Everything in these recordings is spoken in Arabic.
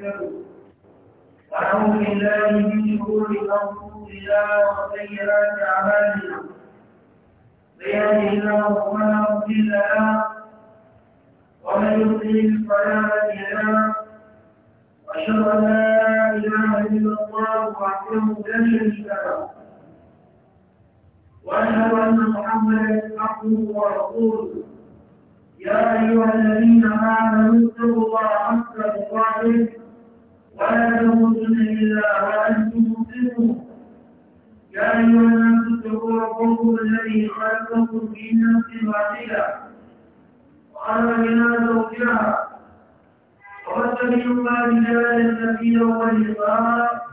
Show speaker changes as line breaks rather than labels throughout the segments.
تذكروا ونعوذ بالله من شرور انفسنا وسيئات اعمالنا من يهده الله فلا مضل له ومن يضلل فلا هادي له واشهد ان لا اله الا الله وحده لا شريك له واشهد ان محمدا عبده ورسوله يا ايها الذين امنوا اتقوا الله حق تقاته ولا تموتن إلا وأنتم مسلمون يا أيها الناس اتقوا ربكم الذي خلقكم في نفس واحدة وخلق منها زوجها وبث منهما رجالا كثيرا ونساء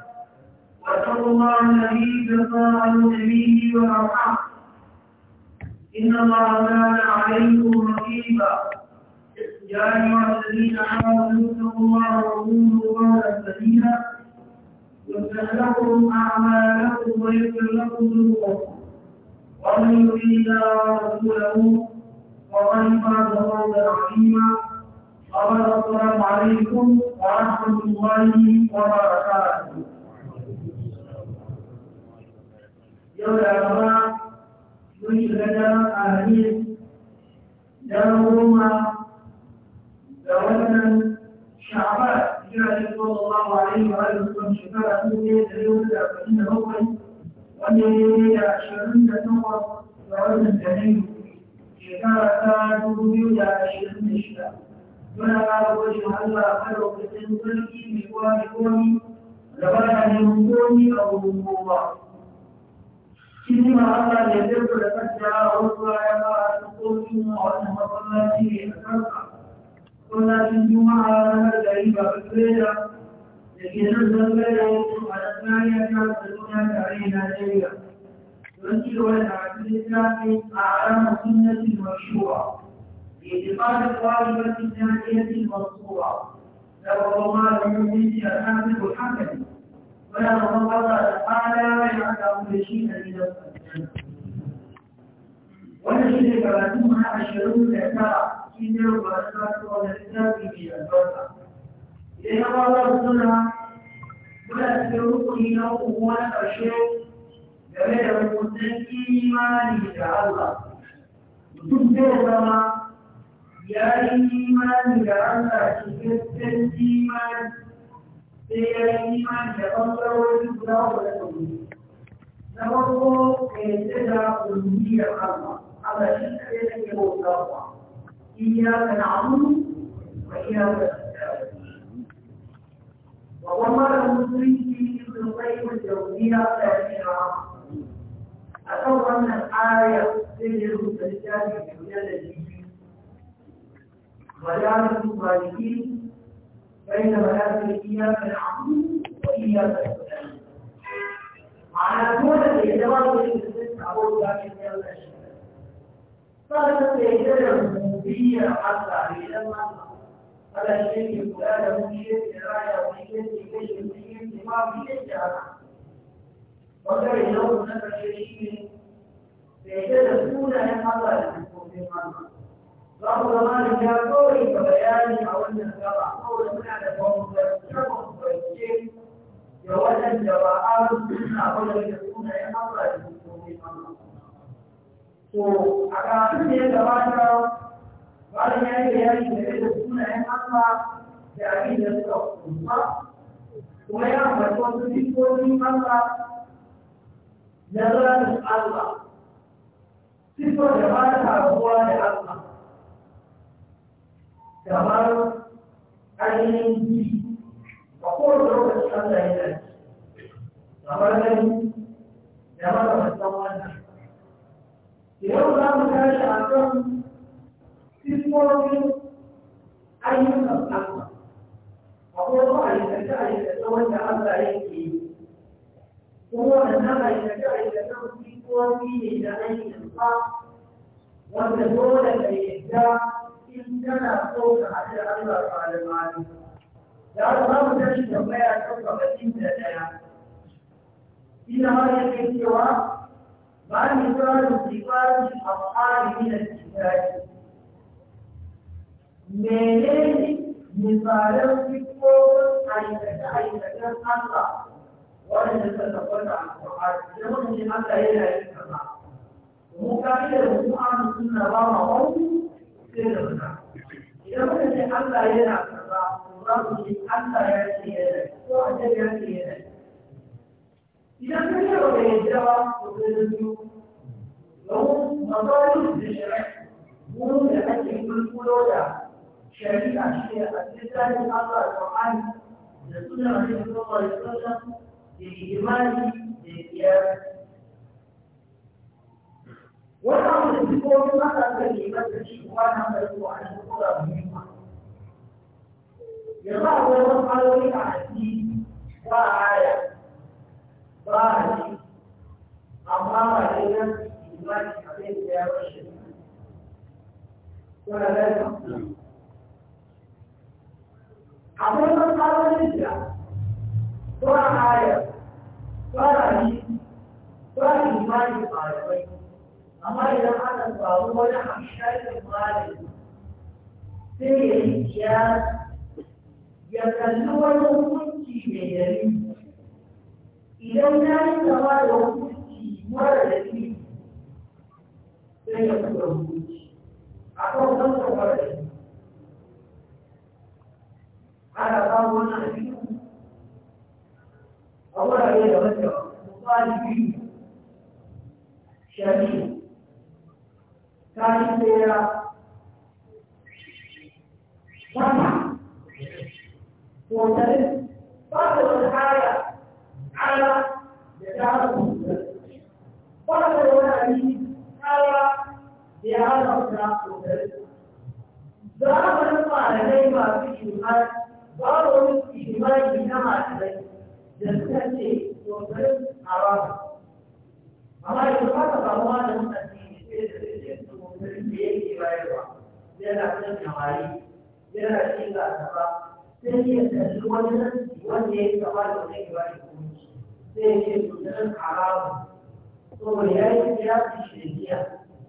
واتقوا الله الذي تساءلون به والأرحام إن الله كان عليكم رقيبا يا أيها الذين آمنوا اتقوا الله وقولوا قولا سديدا يصلح أعمالكم ويغفر لكم ذنوبكم ومن يطع ورسوله ومن فاز فوزا عظيما أما السلام عليكم ورحمة الله وبركاته يوم الأربعاء من شهداء أهلين يوم da wannan sha'abar jira da sallallahu alaihi wa alihi wasallam shekara dubu ne da yau da arba'in da bakwai wanda ya yi da ashirin da takwas da wannan janairu shekara ta dubu biyu da ashirin da shida muna ƙara gode wa a kan lokacin sarki mai kowa mai komi da ba ya neman komi a wurin kowa. Cikin ma Allah ya zirga da kanta a wasu ya ba a cikin komi a wannan matsalaci a kansa. ولكن جمعة كيف أكبر لكن الزبير على الثانية يعتمدون علينا جيدا يؤثر على الإسلام أعلام سنة مشروعة باعتقاد الطالبة الثانية المنصورة له ما المؤمن الحافظ الحكم ولا تفضل تعالى يعلم كل شيء لنفسه ونشرك لكم عشرون اعتراف shine ba ta ko da tsari ne da barka idan ba za su na muna cikin rukuni na kuma na ƙarshe game da rukun imani da Allah mutum zai zama ya yi imani da Allah cikakken imani sai ya yi imani da ɓangarori guda wadda ta wuri. Na farko ya yi da ƙungiyar Allah, Allah shi kaɗai da ke bauta إياك نعبد وإياك نستعين وضمر المسلمين في الطيب الجوزية ثانية أتوقع أن الآية تجد المسلسات في مجلد ولا المخالفين بين منازل إياك نعبد وإياك نستعين معنى كون الإجابة في المسلسات أقول لك إياك نستعين kada ka yi dalar zumbiyyar hasa da idan masa kada shi ne kula da mu shi raya wani yanki kai shi ne yanki ma mu yi yanki ana ya yau na karshe shi ne da ya dalar sunayen hasa da zumbi masa
za ku zama da ya kawai
bayani a wannan gaba kawai suna da bambantar bambance da ba a rubuta na kawai da sunayen hasa da zumbi masa to a kafin da ya gabata bayan ya yi bayani da da sunayen Allah da abin da suka kusa kuma ya ambaci wasu sifofin Allah na zanen Allah sifo da ba ta rabuwa da Allah kamar ainihin ji a kowane lokaci Allah yana kamar gani da mara yau za mu tashi a kan sifofin ayyukan Allah akwai wasu aikace aikace wanda Allah yake yi kuma wannan aikace aikace sifofi ne na aikin sa
wanda dole ka yadda in kana
so ka haɗu da Allah malamani da haka za mu tashi tambaya kan gabatin da ɗaya ina har yake cewa ما مثال صفات الأفعال من الكتاب menene misalan sifofin aikace-aikacen Allah waɗanda suka tabbata a Ƙur'ani da wani Allah yana yin kaza
mu ka da a amma suna ba ma wani
sai da muna idan muka ce Allah yana kaza to za mu ce Allah ya ce yana ko a ce ya ce yana إذا كان يرى الجواب لو مطالب للشرع مو لأجل كل فلوسة شريعة شيء الإنسان الله القرآن لسنة النبي صلى الله عليه وسلم لإجمال للقياس والأمر بالقول ما كان كلمة شيء وأنا أدعو عن القرآن يضع ويضع على وجه عزيز ولا ذلك أقول لك قال الهجرة ولا آية ولا حديث ولا إيمان بالعالمين أما إذا كان الصواب ولا حشاية الغالب في الامتياز يتلوى الوقت بيدري إذا كان الصواب الوقت مرة لديه لا يكون هذا قول نحن أولا يتوجه مطالبين شديد كان فيها سمع وتلف فضل الحالة على جدار فضل الحالة على da ya hana suna sosai. Zamanin malamai masu shimar babu wani shimari na rai. da suka ce sosai a rabu.
Amma yanzu haka ba mu wani
mutane da ke sosai da yake bayarwa. Yana cin kamari, yana cin gasaba, sai ya kalli wani nan wanda ya yi kama da wani ya bayar Sai ya ce sosai a rabu. Saboda ya yi ya shirya.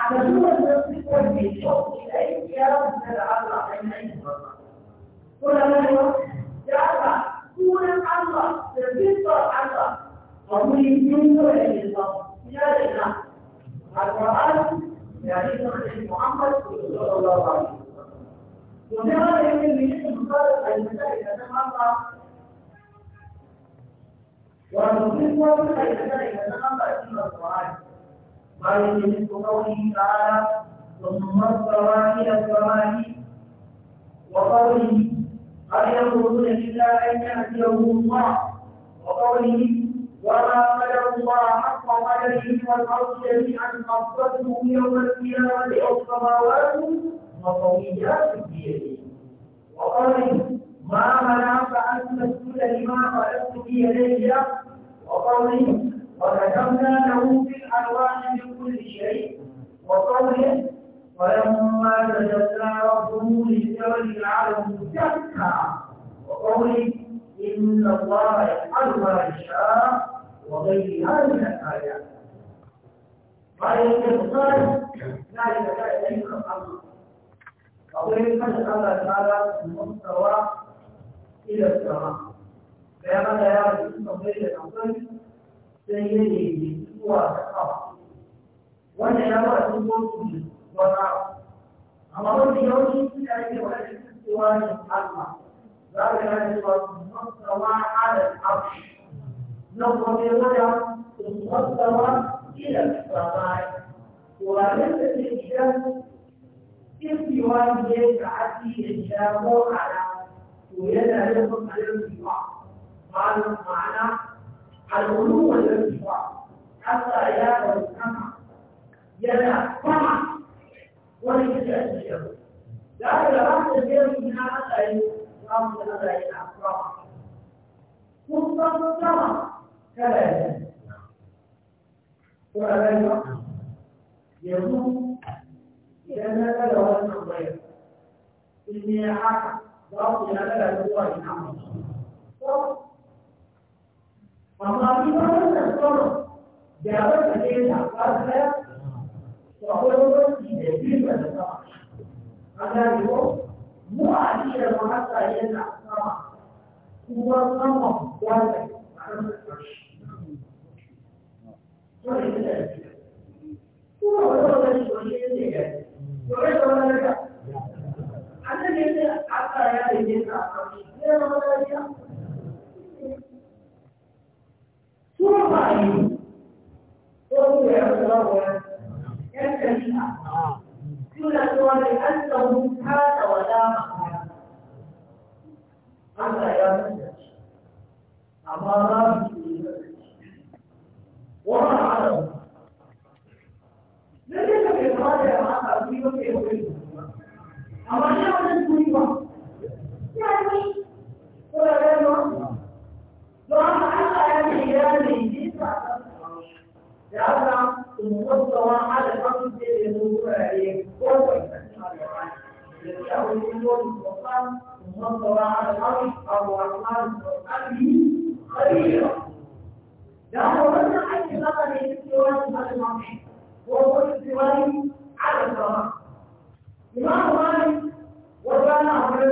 على دول التصديق والبيشوف إلى أي يارب من العرض من أي مرة قول الله جعل دون الله تبطر الله ومن يمكن أن يصاب يا لنا القرآن يعني محمد صلى الله عليه وسلم وكما يمكن من اسم مصادر المسائل تتحقق ونصيبها إذا كان يتنقل في القرآن قال مثل قوله تعالى ثم استوى الى السماء وقوله هل يقولون الا ان يهديهم الله وقوله وما قدر الله حق قدره والارض جميعا قبضته يوم القيامه السماوات وطويلات بيده وقوله ما منعك ان تسجد لما خلقت بيدي وقوله وكتبنا له في الألوان من كل شيء وقوله ولما تجلى ربه للجبل العالم دكا وقوله إن الله يفعل ما يشاء وغيرها من الآيات قال الاستغفار ذلك لا يملك الله. وقيل قد الله تعالى المستوى إلى السماء فيا ماذا يعرف أن التوحيد sai ya nemi zuwa ga abu
wanda ya ba su
kotu wata amma wanda yawanci suna yake wani cewa ne Allah za ka gane cewa su masawa ala abu na kuma ya wada su masawa ila sabai wannan da ke gidan istiwa ne ga ake da shago ala to yana yin ma'anar ma'ana الغلو والارتفاع حتى يرى السمع يرى السمع وليس الشر لا يرى الشر من هذا يقام هذا الأسرع ثم السمع كذلك وأبدا يقول لأن هذا هو النظير إني أحد ضغط هذا هو النظير amma ni ba wannan tsoron da ba ta ke da ba ta to akwai wani da biyu da sama an gane ko mu a ni da ba ta yana sama kuma sama wanda a kan shi to ne da kuma wannan wani wani ne ga to ne da wannan da annabi ne aka ya da ne ka amma ne da wannan ثم قائلين وهو يعتبر ينتهي كل سؤال أنه هذا ولا مقال هذا يا مسجد أمارات وما على لم يكن في القاعدة مع تأثير في أولئك أما شيء من يعني ولا غيره فأنا ألا أن إيراني جيسا لأن المستوى على الأرض يدور عليه قوة المستوى على الأرض أو الأرض خيرا
لأنه لم يحد لقد
الاستواء على المرحيم وهو الاستواء على السماء إمام مالك وكان أمر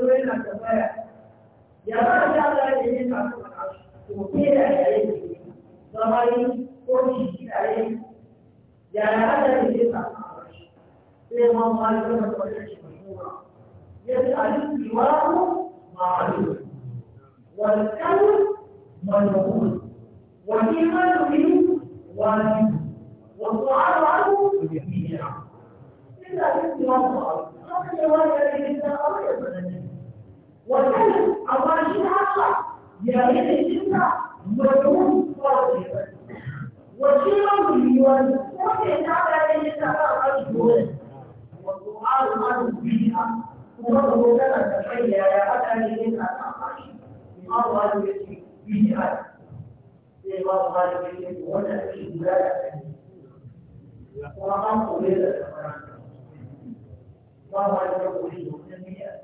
بين الكفاية يراجع وكيل عليه ظهري وكيل عليه يعني هذا اللي يسمع لما قال لما تقولش مشهورة يجعل سواه معلوم والكون ملعون والإيمان به واجب والسؤال عنه بدعة إلا في معروف هذا الجواب الذي يسأل الله والكلب أولا شيء أخر yayin da shi na mutum ta kuma yaya aka a ake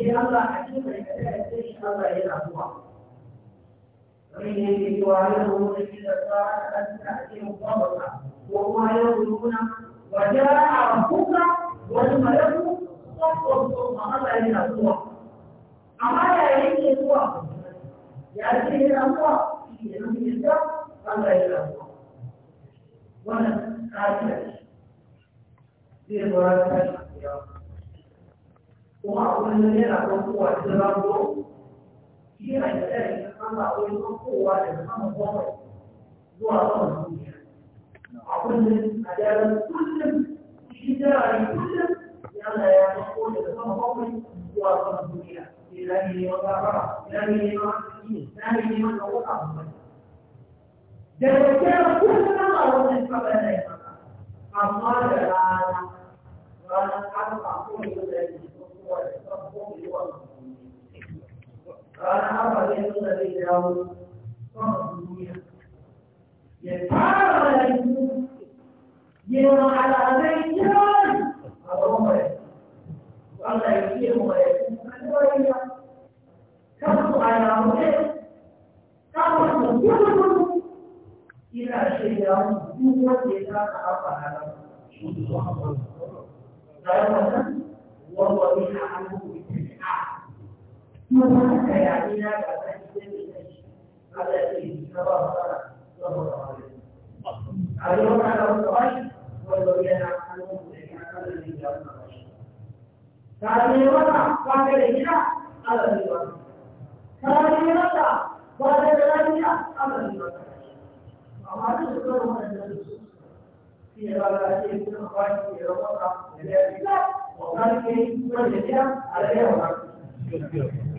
إذا الله حكيم إن الله ومن يجد وعيده إلا الساعة أن تأتيهم غضبا وهم يقولون وجاء ربك والملك صفا صفا الله أما لا يجد هو يأتيه الأمر في يوم الله الله يلعبها ولا قاتل في الغرفة kuma a kullum yana ɗaukowa ta rago shi yana da ɗari na sama akwai ɗaukowa daga sama bakwai zuwa sama duniya a kullum a daren kullum shi jirage kullum yana ya ɗauko daga sama bakwai zuwa sama duniya ina eh, yi neman gafara ina yi neman asiri ina ne neman ɗaukaka mai da gaskiya kullum ana wannan kaba yana yi maka amma da rana ranar kasa ba kuma قال أما يسود في إيه أه، داود يتعالى عليكم يوم على بيتان اللهم والله يكيهم ويكون كفوا على أولئك كفوا كلهم إلى شيء هو يتعرف على الله وهو بها عنه Gracias.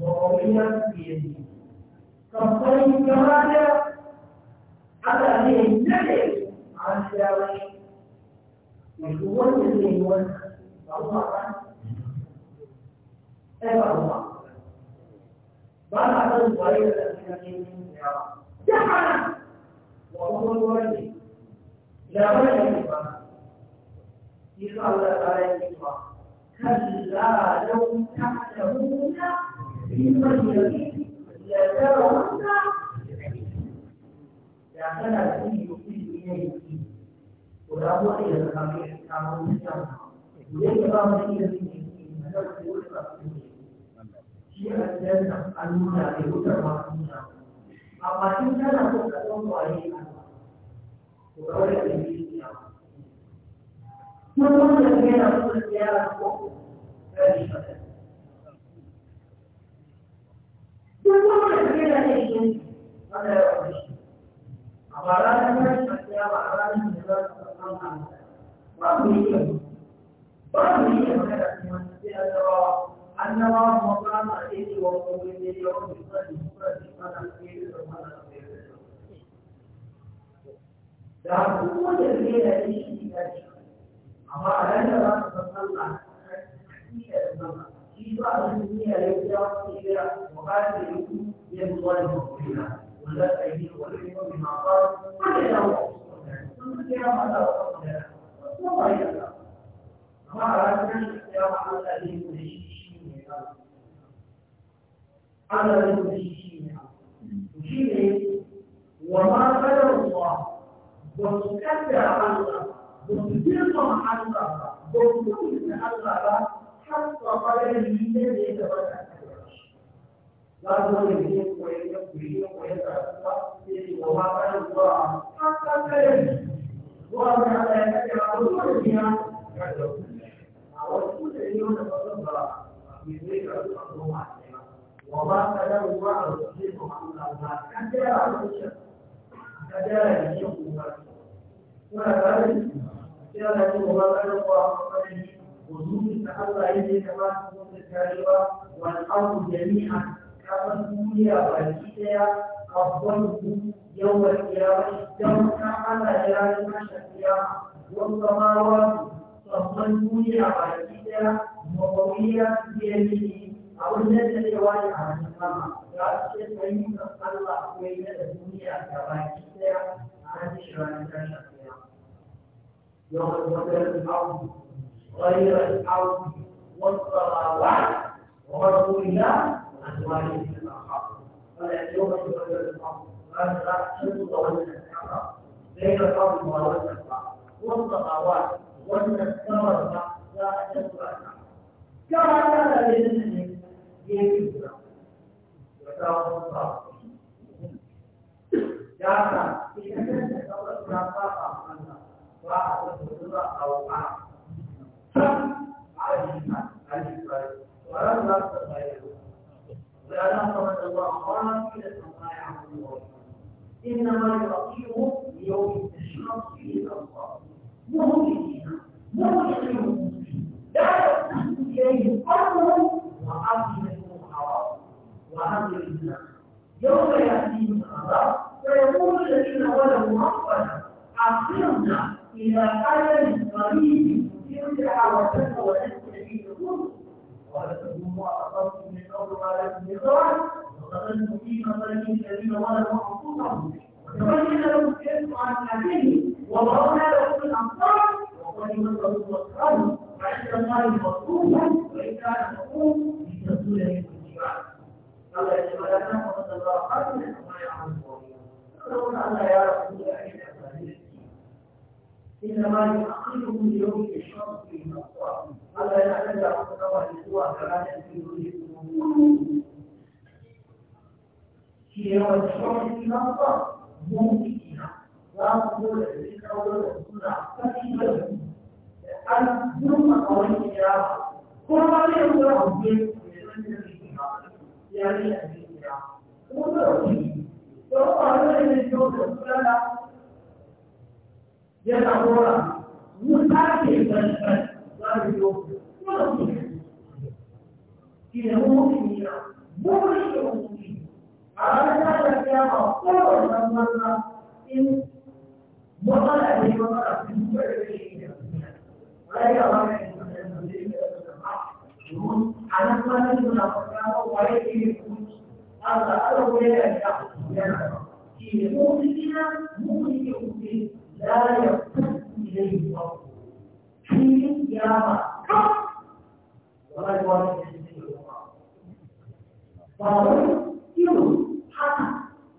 ظالما بيده فالصيد كماذا على ان يبتعد عن الشاوي وهو الذي يوزع الله عنه تبع الله بعد الغير الذي جحنا وهو الولي لا ولي إذا الله تعالى كلا لو تعلمون Mun wanda yana so ya ko amma a ranar za su san Allah a cikin da في بعض الدنيا يرجع إلى مقاتله يبغى المؤمنين ولد أيديه ولم بما قال فجعله ثم يا ما لا وما يلا ما أردنا يا ما الذي يشيشين على الذي يشيشين وشيء وما قدر الله وتكبر الله وتكبر الله وتكبر الله haƙƙa ba ya ya ba ya a wasu da yi ba zan ba a zuwa wa ba ba ba a ba وجود الله يجي كما تقول الكريمة والأرض جميعا كما الدنيا والكتاب قبضته يوم القيامة الدم كما يرى المشهد القيامة والسماوات قبض الدنيا والكتاب وقوية بيده أو الذي رواية عن الإمام قال أن الله بين الدنيا كما الكتاب عن شرائع القيامة يوم القيامة الأرض غير الأرض والصلوات ومرسولها أزواجه الآخر ولا يوم غير الأرض ولا شمس ولا بين الأرض والسماء والسماوات والسماوات لا أشد كما كان للمسلم الله كان إذا كان الأمر لا تقع عنها وأعطى الرضا أو لأن صلى الله قال إلى السماء إنما يعطيه ليوم التشرف فيه الأنصار مهملين مهملين لا يصلح إليه قلبه وعقلته حرام وعقل الناس يوم يأتيهم العذاب فيقول الذين ولوا ربنا أخرنا إلى أجل قريب تنزع وتنزع وتنزع ولكن الله أخذت من قول ما لكم يقرأ وتظن في مظلم الذين ظلموا أنفسهم وتبين لهم كيف عن أهله وضربنا لهم الأمثال وقد مثلوا وأصحابه فعند الله مطلوبا وإن كان مطلوب لتزول منه الجبال قال يا شباب الله خيرا وما إنما يؤخركم ليوم الشرق فيه الأبصار ألا يعتدى أبصار القوى كما تأتي وجهكم في يوم الشمس فيه الأبصار ممكن لا تقول الذين أولوا السنة فكيف أن ثم قوي الكرامة كل ما يقول يوم دين يعني الكرامة وضعوا فيه فهو يوم أن يجوز السنة ya sabora wuta ce banban za mu yi wani mutum ne mutum ne burin da mutum a ranar da ta yama kowane banban in matsala ne matsala su yi da shi ne rayuwa ba ne domin a nan kwanan suna fara kwaye ne Allah Allah ko yana da yana shi ne mutum ne mutum ne لا يقصد إليه فضله في قيامة ولا يوافق إليه فضل يوم حتى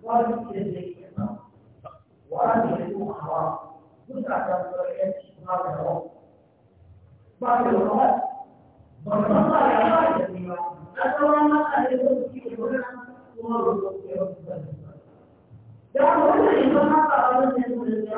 وارد إليه وارد إليه حرام متعدد ورئيس هذا هو بعد الوقت بالنظر أن هذا الوقت يقولون وارد إليه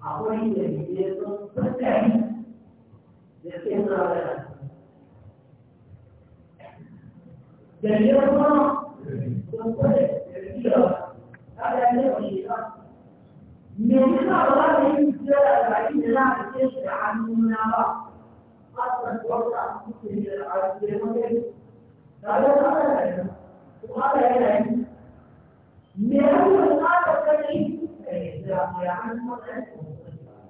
akwai dalilai sun tattari da suke nuna da dalilai kuma sun kwade dalilai ta da ne wa shi ba me yasa ba za ka yi jira da baki da za ka ce shi da hannuna ba hasan wata mutum da al'adun mutum da da ta da da kuma da yana yi me yasa ba za ka kai da ya hannuna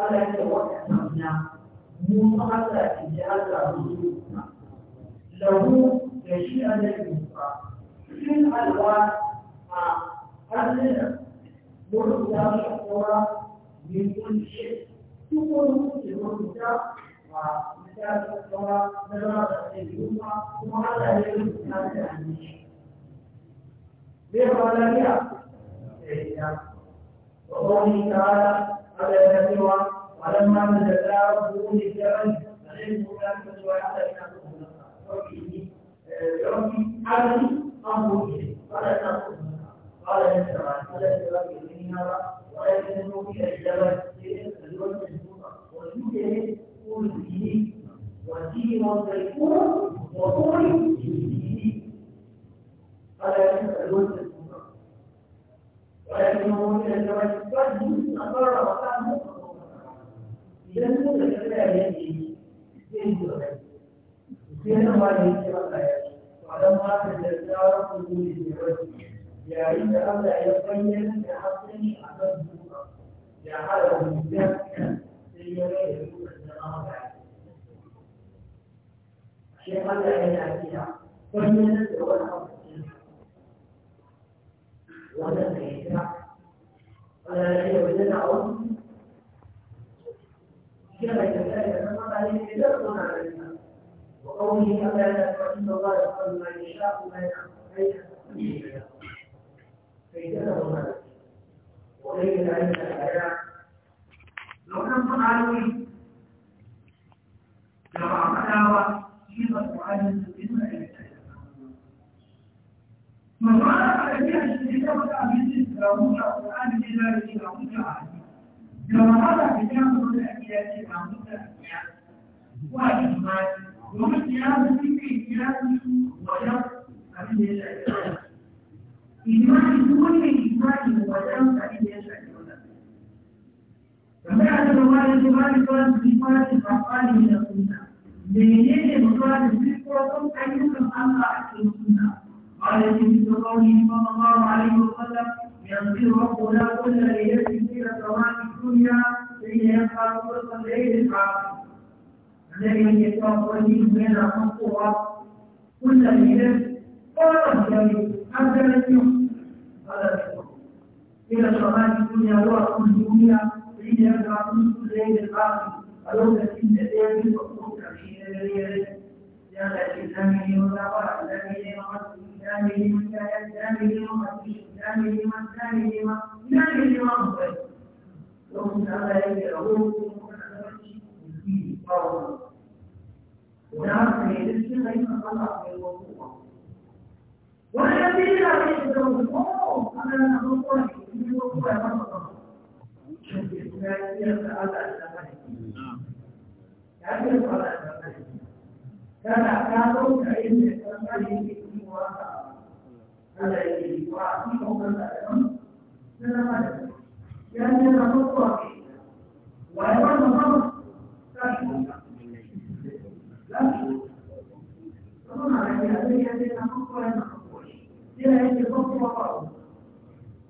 Allah ya ce waɗannan mun ma Allah ke ji Allah da shi annabi Musa cikin alwa a hannun wurin da shi kora min kunshi duk wani kuke rubuta a misalin na zama da sai Musa kuma Allah ya rubuta da annabi bai ba lafiya sai ya وقوله تعالى haka yana cewa walamma da ta rabu ne وهي الذي هو الله ولا يشرع ولا يعلن عنه كما كذلك نص عليه كتاب علينا وقوله أبدا فإن الله يقول ما يشاء وما يعلم فإنه ما وغير ذلك الآيات لو نص عليه لو عملها في القرآن من رأى فيها الشريك وتأمين لابد القرآن بذلك لابد عليه كما هذا كتاب الأبيات لابد أبيات وأجمال ومن قياس في قياس وجب أبي الشريك إيمان كل إيمان وجب أبي الشريك
فبعد موارد مالك
وصفات الأفعال من السنة بينين مراد الصدق وصدق أيضا الله أكل السنة قال قوله صلى الله عليه وسلم يغفر ربنا كل ليله في سماء الدنيا حين يبقى طرق الليل العاقل الذي يتوفى بين حقها كل ليله قال النبي حتى هذا قال الى سماء الدنيا ورق الدنيا حين يبقى طرق الليل العاقل فلولا ان تاتي فقلت حين ليله يا الذي لم يولى ولم يولى والذين يحبون أن نقول إن الله يحبهم كان كانوا كإن الله ada di Kuwait maupun dalam negara yang dilakukan Kuwait. Walaupun memang tapi lagi Tuhan ada yang yang dilakukan Kuwait maupun dia yang dilakukan Kuwait.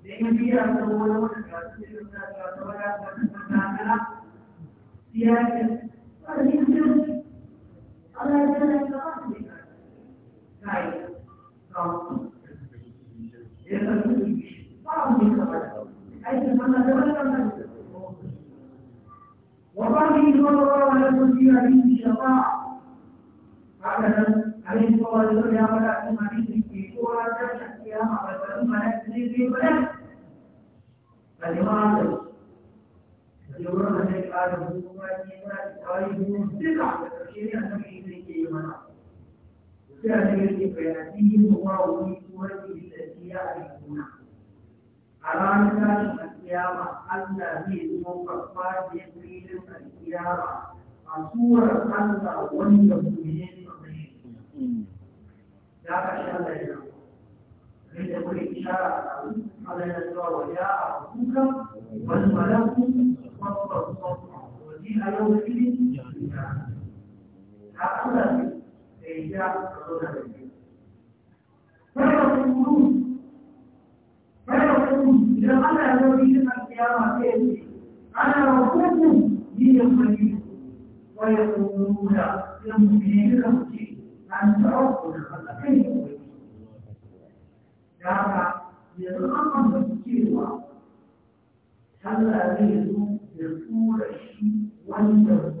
Dengan dia ada walaupun negara negara negara negara dia ada yang ada yang dilakukan Kuwait. Baik. وقال صلى الله عليه وسلم في هذه الشفاعة هكذا عليه الصلاة والسلام يا ملائكة حديث في سورة تشهد يا ملائكة ملائكة في ملائكة فلماذا يقولون أن آدم هو ملائكة ملائكة ويقولون ثقة بتشريع النبي في كلمة كذلك فيأتيهم الله في سورته التي يعرفونها على مثال القيامة الذي هو كفار يقين القيامة أصور أن والمؤمنين لا تشهد إلا الله لتقول إشارة على الأسرار وجاء ربك والملك صفا صفا وجيء يومئذ بالله هذا kai ja ka zo idan an kai ne wai da haka yanzu an fahimta cewa Allah zai zo da tura shi wanda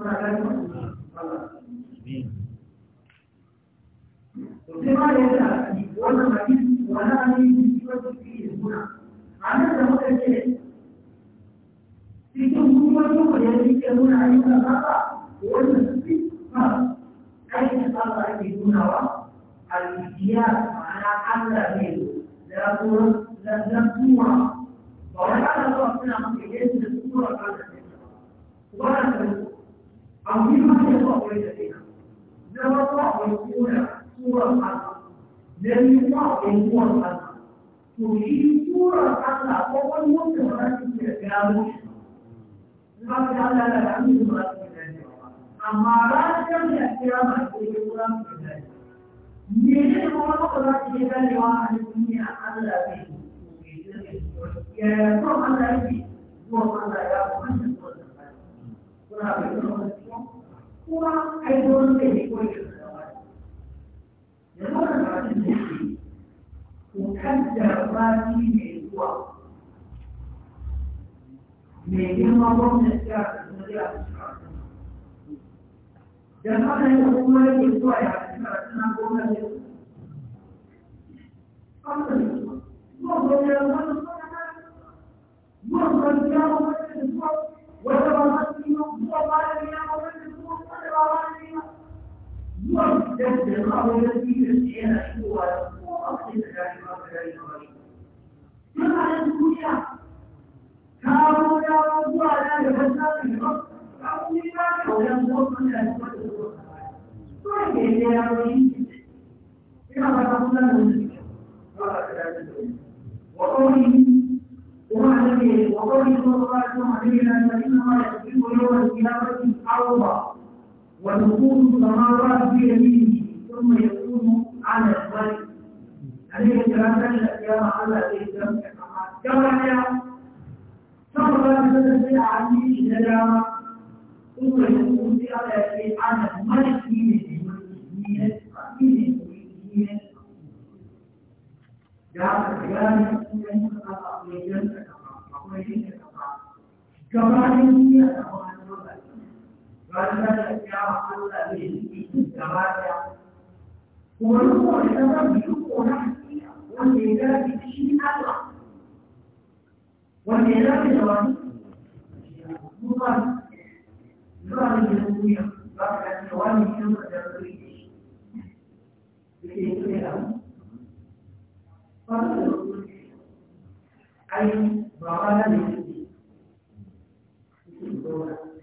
kuna gani Sema yadda wannan hadisi wani hadisi wasu fiye suna. A nan da muka ce cikin hukumomin ku ya rike nuna ayyukan saba wannan su ma aikin saba ake nunawa alfiya ma'ana Allah ne da kuma zanzan tuwa ba wani ana zuwa suna muke yesu da tuwa ba da 他一看就后悔的地方，让他后悔哭了哭了他，人家后悔哭了他，就因为哭了他，包括我女儿也这样子，你看现在在什么地方？在什么地方？他马上相见，见面就又不能见面，你为什么不能见面？你为什还是不见？还是在一起？夫妻在一起，也在一起，不在一我们。那为什么说花太多被过去了？人们拿去努力，我看见花季美国，每天花光的价值都要查。然后呢，我们也做呀，去哪去哪工作去？他们说，我们人，我们说，我们教，我们说。wata mamaki ne zuwa bayan ya wani kuma wani rawa ne ba zuwa da da ma wani cikin da yana shigowa da kuma wakilin da gari ma da gari ma shi suna nan duniya kawo dawo zuwa da da wata da ba kawo ne ba da wajen zuwa kan da zuwa da zuwa kawai da ya yi rauni ina ba ta kuma da wani ba da gari da wani wa kawai ومع ذلك وقوله صلى الله عليه وسلم علينا يوم القيامه عرضا وتكون السماوات بيمينه ثم يكون على الوجه عليه السلام كان القيامه على كما هي صبر من العلي ثم يكون على على الملك من الملك ونقول لهم يشوفوا نفسي والميلاد بشيء أطلع
والميلاد
جوانب مطلق جوانب الجنوبية بعد جوانب الجنوبية الجنوبية لكي يقول لهم فقالوا أي ضغالة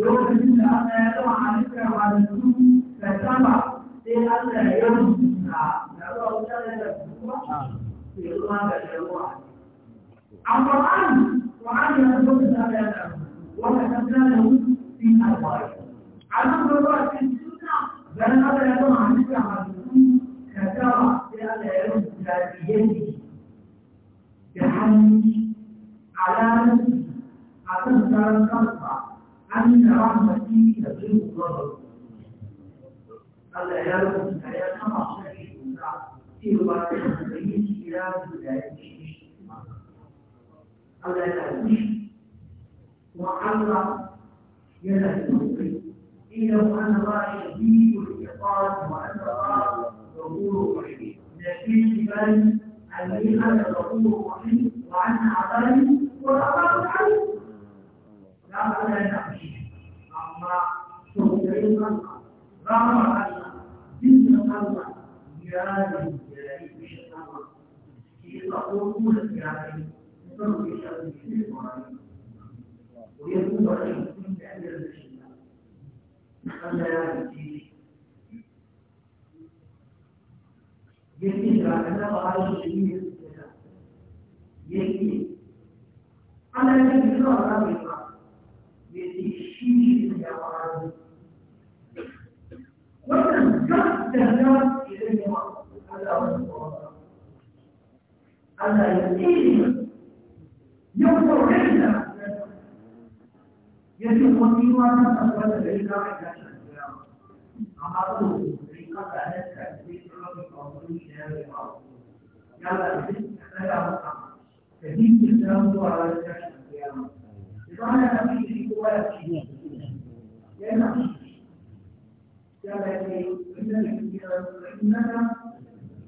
lokacin da Allah ya zama halitta ranaku da sama sai Allah ya rubuta da zuwa wuta da da kuma ke zuwa da ruwa. Amma an, Ƙwa'an ya zo da sa da da wata kanta da wuta sun alwari. A nan ba ba cikin suna ganin Allah ya zama halitta ranaku da sama sai Allah ya rubuta da yanki da hannu a ranar a kan tsarin kansa أن رحمتي تبلغ الضرر قال يا رب الحياة كما شهدت في رباط المسلمين إلى بداية قال يا رب وعلى يد الموقف إنه أن الله شديد العقاب وأن الله غفور رحيم لكن بل أني أنا غفور رحيم وأن عذابي والعذاب عليم za mu yana da shi amma tausayin Allah rahama Allah jinsin Allah ya ne ya yi kushe Allah shi ya sa ko kuma ya yi musamman ya shafi shi ne kwanani ko ya kuma shi mutum da ya da shi Allah ya yi shi yake ga kana ba shi ne yake Allah ya yi shi ne بتشييد الأعراض ومن قد تهدف إليه هذا هو على يقين ينظر إلى يجب continuar a sua dedicação amado rica da gente pelo que conclui é o cada vez que ela está, que a gente está no ar da gente فأنا أمشي ولا أمشي لأن أمشي قال لي إنك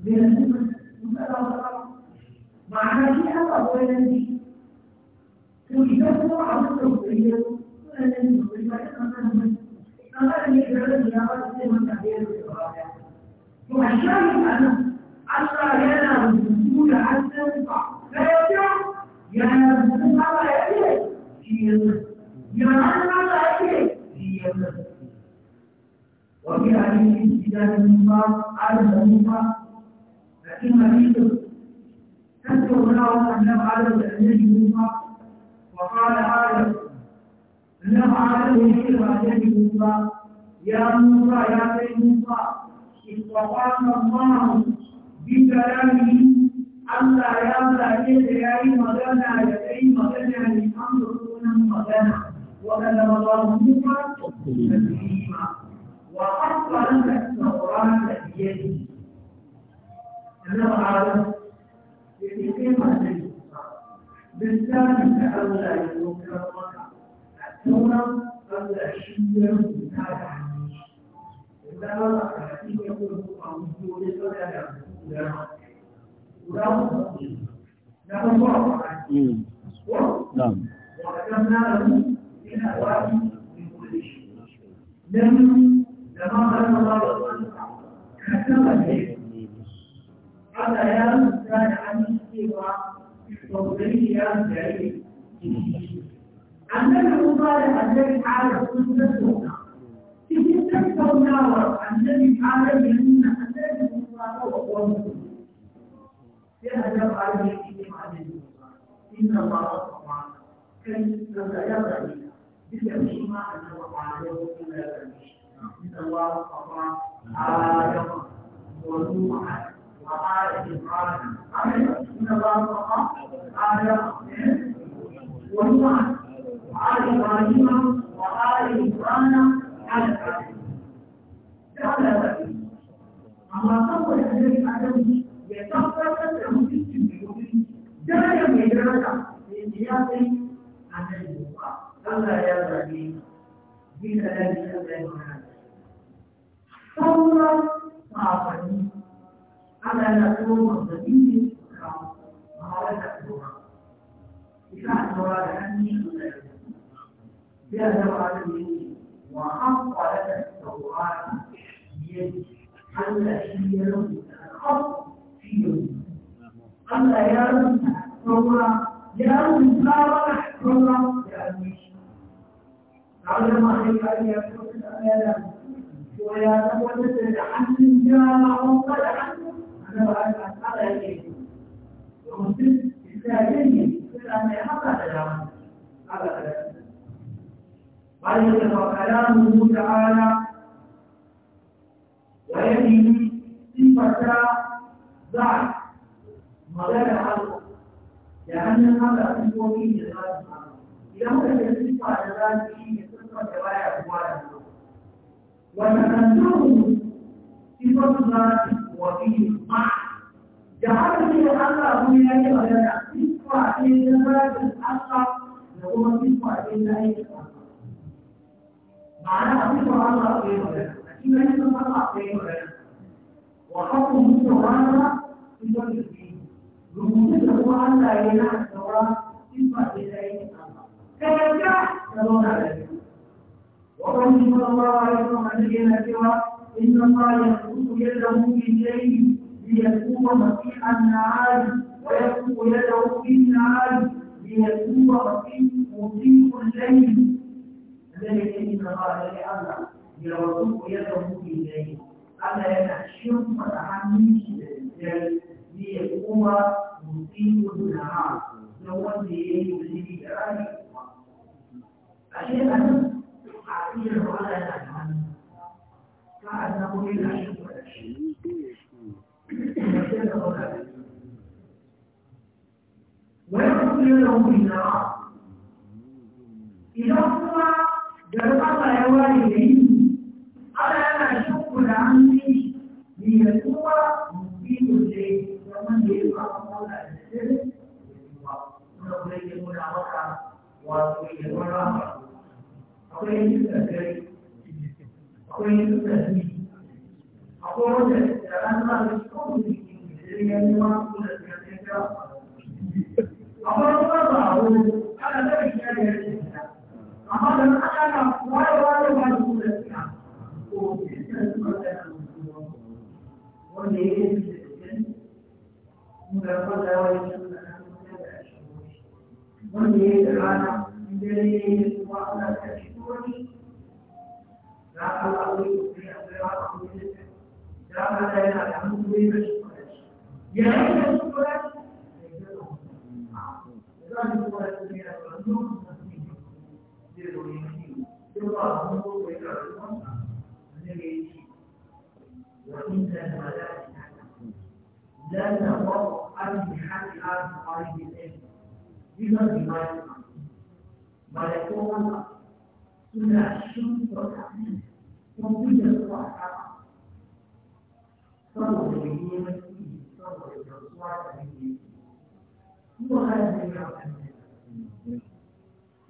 من المسلم معناه في أمر ولا نجي وإذا هو عبد الصغير ولا نجي والشاهد أنه حتى ينام الوجود حتى ينفع لا يدع ينام الوجود على يده سير لمن ماذا أكيد سير وفي حديث إذا المنفى على المنفى لكن حديث تذكر له أن على الأنبي المنفى وقال هذا أنه على الأنبي المنفى يا موسى يا موسى استطعنا الله بكلامه ألا يا ذا يا إيه مدنا يا إيه مدنا الحمد لله سنه وكان وكلم الله موسى تسليما وحتى ان التوراه بيده انما عالم في قيمه بالثاني فاولى يدرك الركعه التوراه اولى شيئا بهذا إنما الحديث يقول هو موجود فلا يعلم ولا نعم وكتبنا له بالأوامر من كل شيء لم لما قال الله كتب العلم حتى يا كان عن سوى توضيح العلم
أنه قال الذي
تعالى كنت تسوقنا إذ تكتب نارا الذي تعالى يمين الذي الله وهو مسلم يا أجاب عليه إن الله سبحانه كي نتيقن ان الله الصفاء عالما وسوعا وعالما ابراهيم وعلى ابراهيم على العالمين اما قبل ان يعلم له في الجنه جعل من درجه زياده annabi Musa Allah ya zabe ni da nan da Allah ya mana sauran sahabbai Allah ya so mu da dini ka ma'ala da kuma ina tsora da hanni da ya zama da ni wa haƙƙa da tsawa ne Allah shi ya rubuta haƙƙa fiye Allah ya rubuta tsawa ya rubuta wa والله يعني علم حكاية يقول الألم ويا تبدت عن جامع وقد عن أن أرى إليه ومسلم إلا جني إلا أن يحضر الألم على الألم قال وكلامه تعالى ويده صفة ذات مغير حلقه لأن هذا هو من ذات إذا هو الذي على ذاته يتصل جوايا أمواله وتكلمه صفة ذات وفيه مع جعلني الله بنياني ولنا صفة إن ذات الحق لهو صفة إن أي معنى صفة الله بين ولنا أكيد أن صفة الله بين ولنا وحكم سبحانه صفة الدين rubutun da kuma Allah ya na saura sifa ce ta yi kayanka da zauna da shi wakon shi kuma ma wa yi kuma da yana cewa inna ma ya kuku yadda muke yayi ليكون مسيح النهار ويكون يده في النهار ليكون مسيح الليل ذلك إن قال لأن يرزق يده في الليل ألا ينحشر فتحمل الليل 你也不过吗？五斤不是钱啊！那问题五斤也让你过吗？反正反正，一直发展下去，将来他不给你生活了？真我感觉，我也不觉得那么不行啊！你说过吗？你说来过来领你，他来来收不让你，你也不吗？wanda ya akwai da kwallawa ya suna
wanda ya yi da rana
dare ya yi kuma ana da shi wani na al'adu da ya zara a wani da ana da yana da hannu ya yi shi a wani da za لأن الله قد يحقق قريب العلم بما بما يفعل ويكون إلى الشمس والحديث وفي الصحة صلوا اليمين صلوا الأصوات هو هذا الذي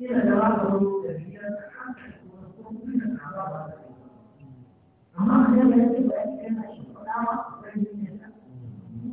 إلى جواب السبيل تحقق وصول من العذاب أما هذا يجب أن يكون الشمس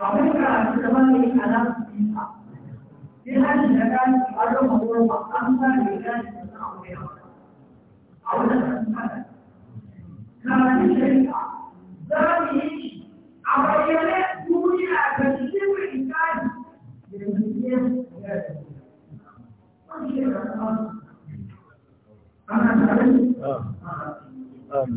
أفكر أن تتمنى أنا فيها في هذه الأيام أرى مظلوم أمثال لله سبحانه أولا كان شيئا ذلك أولياء دنيا كثير الإنسان آمين. آمين.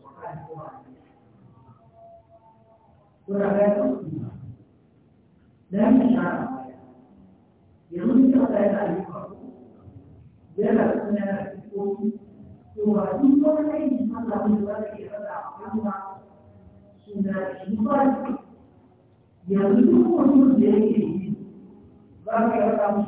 kuna gano dan shara yanzu ta da alƙa yana suna ko ko a duk wani aiki Allah ne ba zai rada amma suna shi ba yanzu duk wani da yake yi za ka rada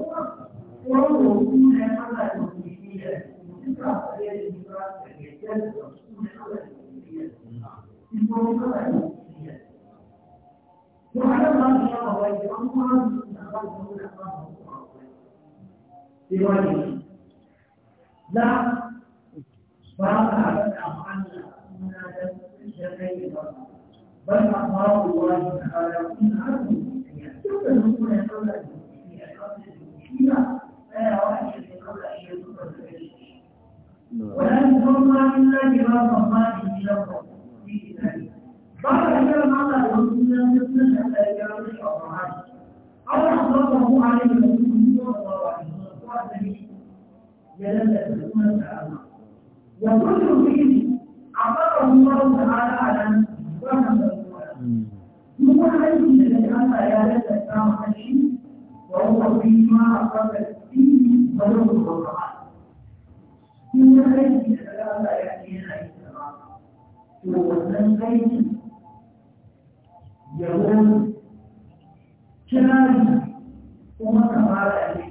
ìwádìí. ثلاثة أمم تعالى وكل فيه عبره الله تعالى على نفسه وحمده هو الذي يجعل عيادة الإسلام حشيم وهو فيما فيه بلوغ القرآن هو الذي يجعل عيادة الإسلام هو الذي يقول كلامي وما كمال عليه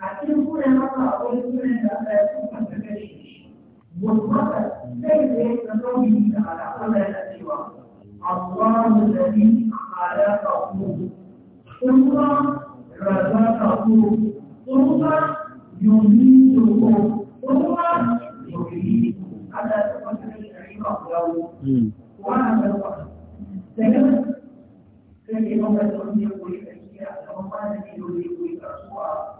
a cikin sunan haka akwai sunan da Allah ya kusanta kashe shi wasu sai da ya san nauyi da ala Allah yana cewa Allahu ladhi khalaqakum thumma razaqakum thumma yumitukum thumma yuhyikum Allah ya kusanta kashe shi ba ku dawo wa ana da wa daga sai ne mamman da wani ya koyi a cikin a gaban malami da wani ya koyi kasuwa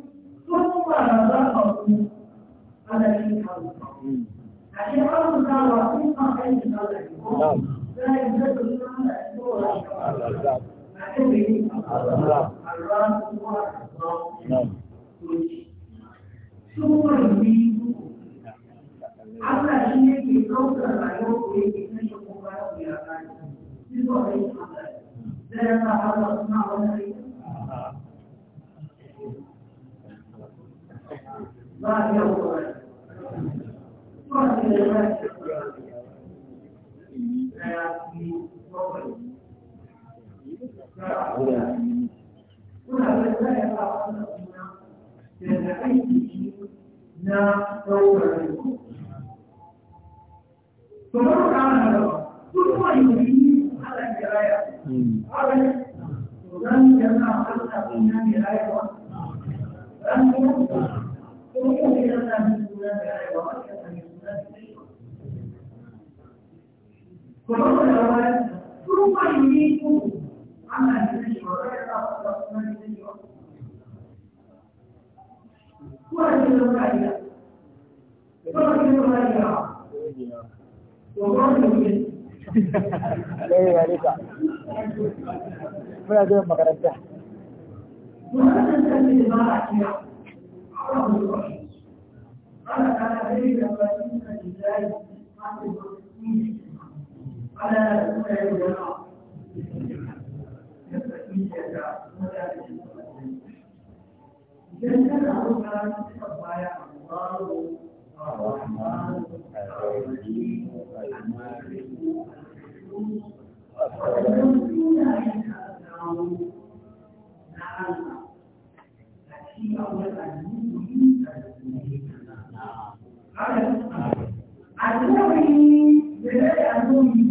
ثم رزقه على الحرب لكن الحرب كان وثيقا بين الخلق لا يزال الا لكن الراس هو الراس ثم يميته على شيء يقول العيوب ويكتشف ما يقول لا يتحرك معه ba a ya hukumar ba a ba ba ya الأول ثم يميته عما يمشي وغير ما يمشي ولكن الغالية ولكن الغالية والله ليه يا ليكا فلا دون مقرد وهذا الذي ما أحيا عرض الوحيد قال تعالى ليس فإن الإنسان عن المسلمين على رسول الجماعة جنة ربها تتبعي الله الرحمن الرحيم المالك الذين يتأثرون نعم أشياء والأنبياء قال عدوي بغير أنبياء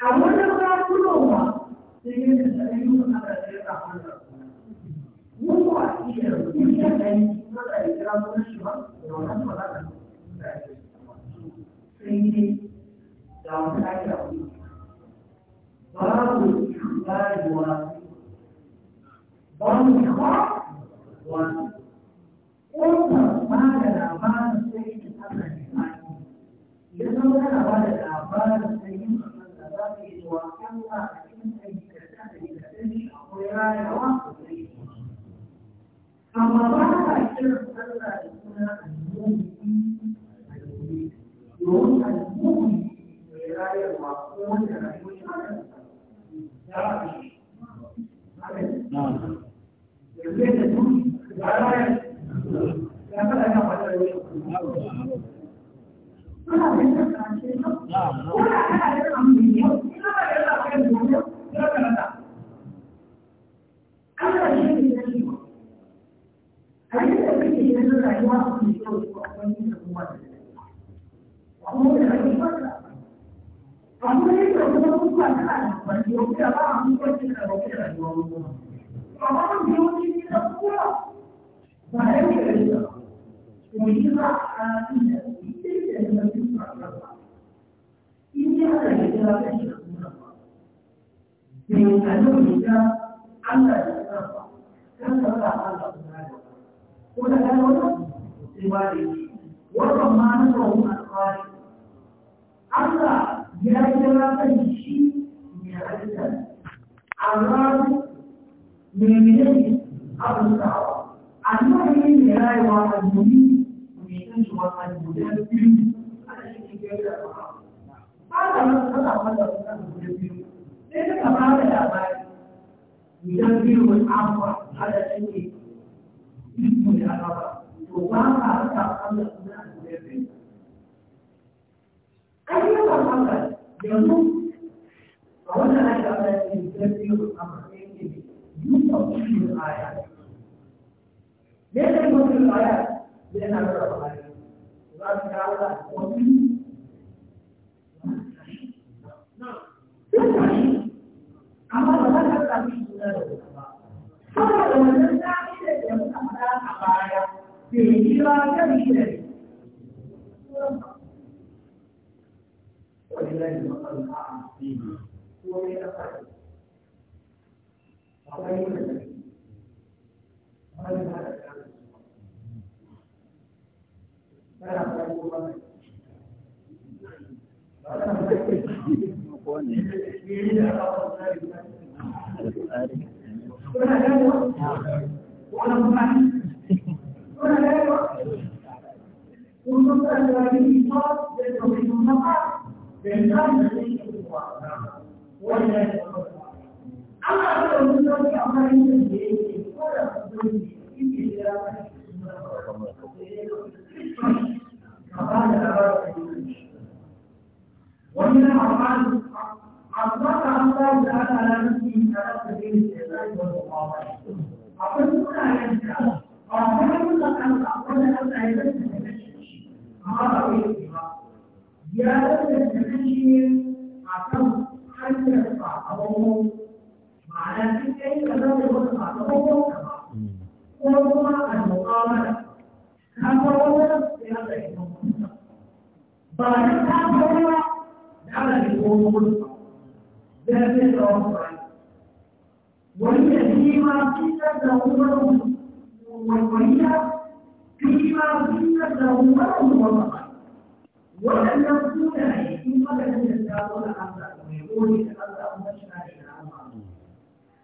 a wajen rafunowa sai yadda da yi mun haɗa da ya rafu da mun ko a iya yi ba gane wannan ibadi wannan ma na tsohon alƙawari Allah ya kira kan shi mai halitta amma mai menene abin sa'awa annabi ne rayuwa a duniya mai kan shi wata duniya biyu a cikin gaida ba ba ta nan tana wata duniya biyu sai ta kama da labari idan biyu wani abuwa a da da alaba to ba ka rika a gefe ai ya ba haka yanzu a yi a amma ba za ka sami juna da wata ba. Saboda wannan ake da muka faɗa a baya, بالهجرة كبيرة ولله المثل الأعلى هو من الأقل وخير الذي وخير هذا فلا خير الله ولا ولا لا يؤثر والنقطة الثانية إيقاف لأنه من النقاط لأنه ليس ولا يؤثر أما لو نقول أمر يسجل ولا يؤثر ومن الأعمال أطلق الله تعالى على نفسه ثلاث سبيل الإسلام والمقاومة. أقول هنا ينفع amma muka kan wani Allah ya zanta da shi ba ba ya da hanyar sakamakon ma'ana da zai wani sakamakon ba kuma a ba da ka wani da da wani وهي فيما زينت له ماله وفقر ولن يكون عليكم ابدا يزدادون عبدا ويقول يتقدم مشنا الى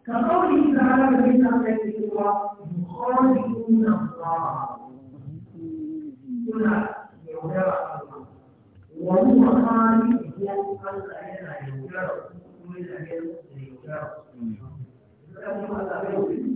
كقوله تعالى بين الله يخالفون الله هنا يغير وهو خالق يوم الغير يغير كل الغير يغير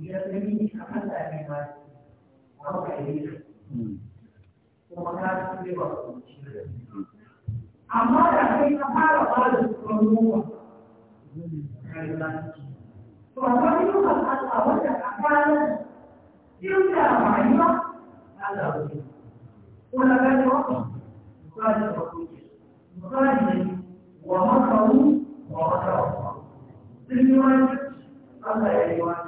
يسمي amma da kai ka fara ba da tsoron ruwa to amma yi ba a wata a kwanan yin da rayuwa na zaɓe ko na gani wata misali da kuke misali wa makaru wa makaru sun yi wani Allah ya yi wani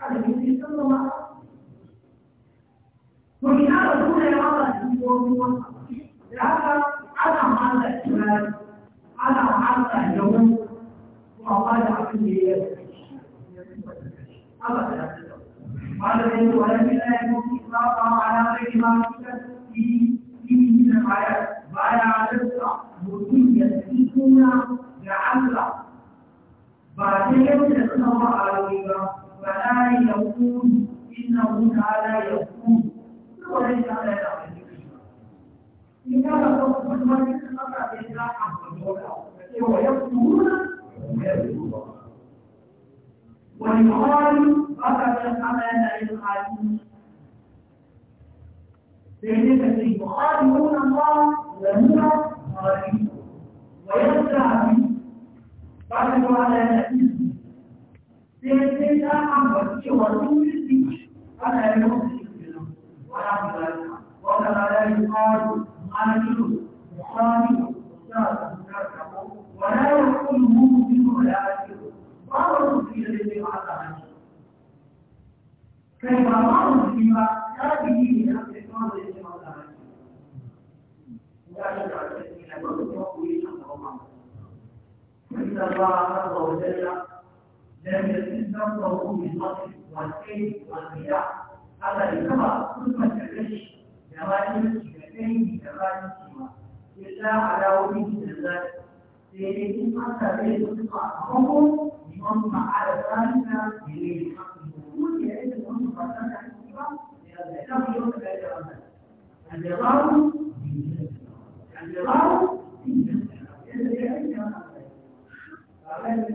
هذا النبي صلى الله عليه وسلم وكان رسول الله يقول ذهب على هذا هذا ولكن لا يكون إطلاقا على غير ما في فيه من الآيات بايع رزق مسلم يسكتون لعل بعد يوم على الغيبة فلا يكون إنه تعالى يكون وليس على ذلك إن كان قصد المسجد فقط إطلاقا ويكتبون ويكتبون ويقال فقط على الخالق ذلك يخالفون الله وهو خالق ويرجع به فقط على نفسه sai sai ta ambata cewa sun yi ana yi musu shirin wani abu da ya wata rana yi kawo ma'anilu muhammadu da karkako wani ya kuma muku biyu da ya ake ba wa su fi da zai ba a hanci
kai ba ma mu
fi ba ta fi yi ne a kai kuma zai ce masa hanci ya shi da wata ne na ba su kuma kuyi shan kawo ma. Wani da ba a kan kawo da ya لم يزيد نفسه بالنصر والكيد والخداع هذا يسمى خدمة الرشد جمال الشفتين بكمال السماء إلا على وجه الذات لكن حتى لا يطلق أمرهم لمن على ذلك بغير حق الوجود يعد الأمر فتاة الحكمة لأن الكتاب يوم لا يتغنى النظام النظام في الجنة الذي يعد كما قال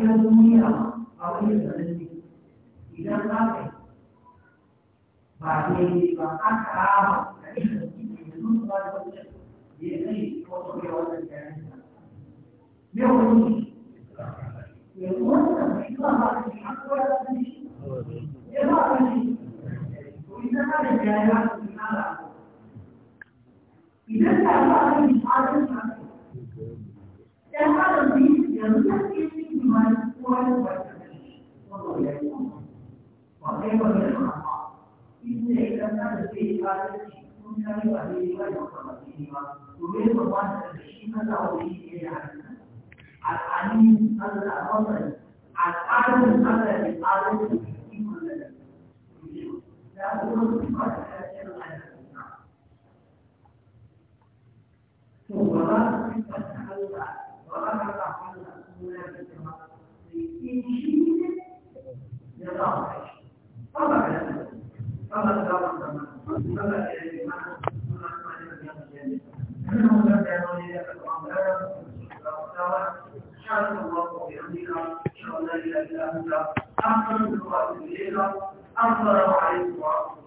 أكثر دنيا أولي سنسي إذا نافع بعدين فأكثر إذا كان هذا الحاكم هذا الحاكم كان هذا الدين يمتلك من هو المتكلم وهو
يكون
وغير الخطا إن إذا كان في هذا الشيء وعليه ويقرأه وغير الله الشيء فله به العليم الأفضل العالم الذي عالم الحكيم الذي لا يقول بقدر ثم لا تتحلى ولا تتحلى السلام عليكم ورحمة الله